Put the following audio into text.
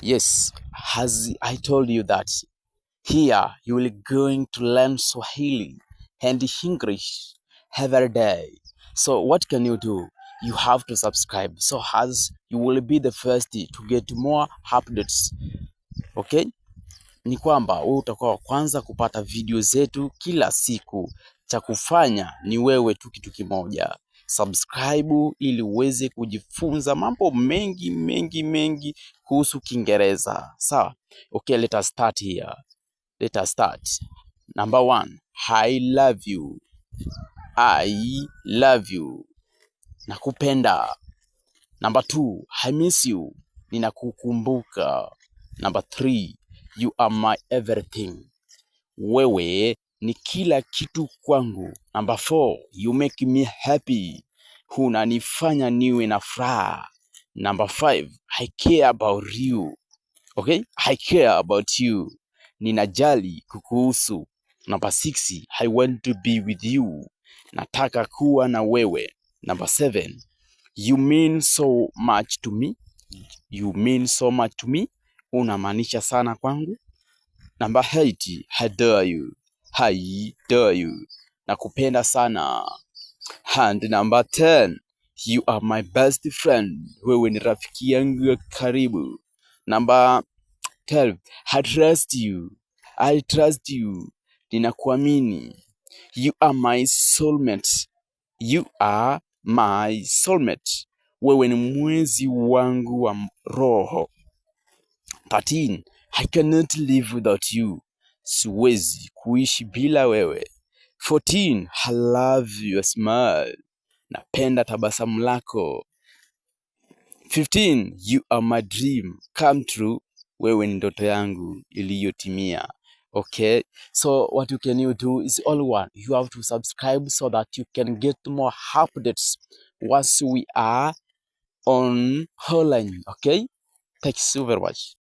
Yes, as I told you that here you will going to learn Swahili and English every day. So what can you do? You have to subscribe so as you will be the first to get more updates. Okay? Ni kwamba wewe utakuwa wa kwanza kupata video zetu kila siku. Cha kufanya ni wewe tu kitu kimoja subscribe ili uweze kujifunza mambo mengi mengi mengi kuhusu Kiingereza. Sawa? Okay, let us start here. Let us start. Number one, I love you. I love you. Nakupenda. Number two, I miss you. Ninakukumbuka. Number three, you are my everything. Wewe ni kila kitu kwangu. Number four, you make me happy, hunanifanya niwe na furaha. Number five, I care about you. Okay? I care about you, ninajali kukuhusu. Number six, I want to be with you, nataka kuwa na wewe. Number seven, you mean so much to me, you mean so much to me, unamaanisha sana kwangu. Number eight, I adore you I adore you, nakupenda sana. And number 10, you are my best friend, wewe ni rafiki yangu ya karibu. Number 12, I trust you, I trust you, ninakuamini. You are my soulmate, you are my soulmate, wewe ni mwenzi wangu wa roho. 13, I cannot live without you siwezi kuishi bila wewe. 14, I love your smile, napenda tabasamu lako. 15, you are my dream come true, wewe ni ndoto yangu iliyotimia. Okay, so what you can you do is all one. You have to subscribe so that you can get more updates once we are on online. Okay, thank you so very much.